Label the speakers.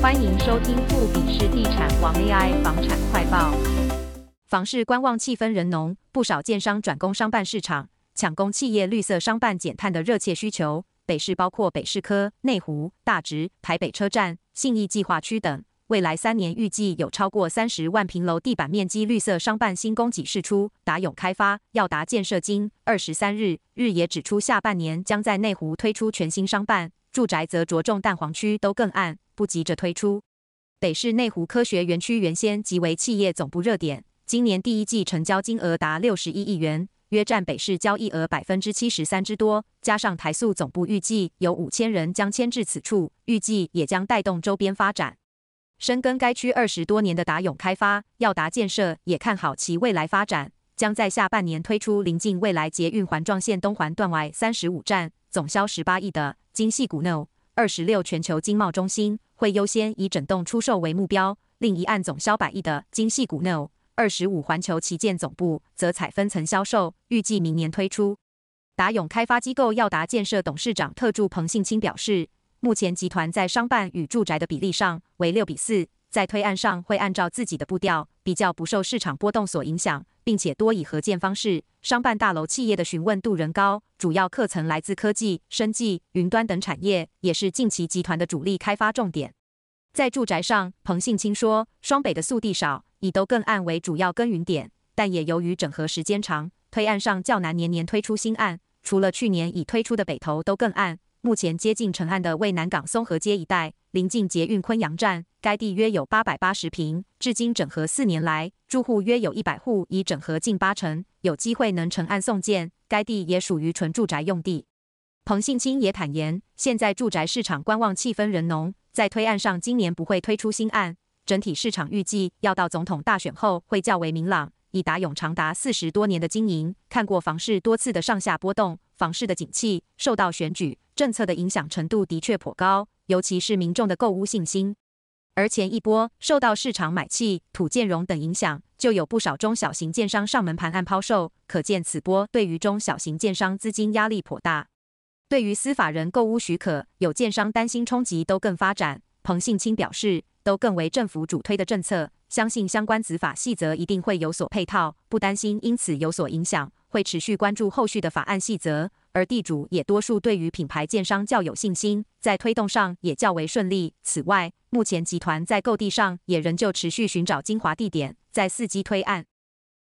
Speaker 1: 歡迎收聽富比士地產王 AI 房產快報。房市觀望氣氛仍濃，不少建商轉攻商辦市場，搶攻企業綠色商辦減碳的熱切需求。北市包括北市科、內湖、大直、台北車站、信義計劃區等，未來三年預計有超過三十萬平樓地板面積綠色商辦新供給釋出。達永開發耀達建設今二十三日日也指出，下半年將在內湖推出全新商辦，住宅則着重蛋黃區都更案，不急着推出。北市內湖科學園區原先即為企業總部熱點，今年第一季成交金額達六十一億元，約佔北市交易額百分之七十三之多。加上台塑總部預計有五千人將遷至此處，預計也將帶動周邊發展。深耕該區二十多年的達永開發、耀達建設也看好其未來發展，將在下半年推出臨近未來捷運環狀線東環段外三十五站、總銷十八億的精細谷 NO。二十六全球經貿中心，會優先以整棟出售為目標，另一案總銷百億的精細谷 No. 二十五環球旗艦總部則採分層銷售，預計明年推出。達永開發機構耀達建設董事長特助彭信欽表示，目前集團在商辦與住宅的比例上為六比四。在推案上會按照自己的步調，比較不受市場波動所影響，並且多以合建方式。商辦大樓企業的詢問度仍高，主要客層來自科技、生技、雲端等產業，也是近期集團的主力開發重點。在住宅上，彭信欽說，雙北的素地少，以都更案為主要耕耘點，但也由於整合時間長，推案上較難年年推出新案。除了去年已推出的北投都更案，目前接近成案的為南港松河街一帶，臨近捷運昆陽站。該地約有八百八十坪，至今整合四年來，住戶約有一百戶，已整合近八成，有機會能成案送件。該地也屬於純住宅用地。彭信欽也坦言，現在住宅市場觀望氣氛仍濃，在推案上今年不會推出新案。整體市場預計要到總統大選後會較為明朗。以達永長達四十多年的經營，看過房市多次的上下波動，房市的景氣受到選舉政策的影響程度的確頗高，尤其是民眾的購屋信心。而前一波受到市場買氣、土建融等影響，就有不少中小型建商上門盤案拋售，可見此波對於中小型建商資金壓力頗大。對於私法人購屋許可，有建商擔心衝擊都更發展。彭信欽表示，都更為政府主推的政策，相信相關執法細則一定會有所配套，不擔心因此有所影響，會持續關注後續的法案細則。而地主也多數對於品牌建商較有信心，在推動上也較為順利。此外，目前集團在購地上也仍舊持續尋找精華地點，在伺機推案。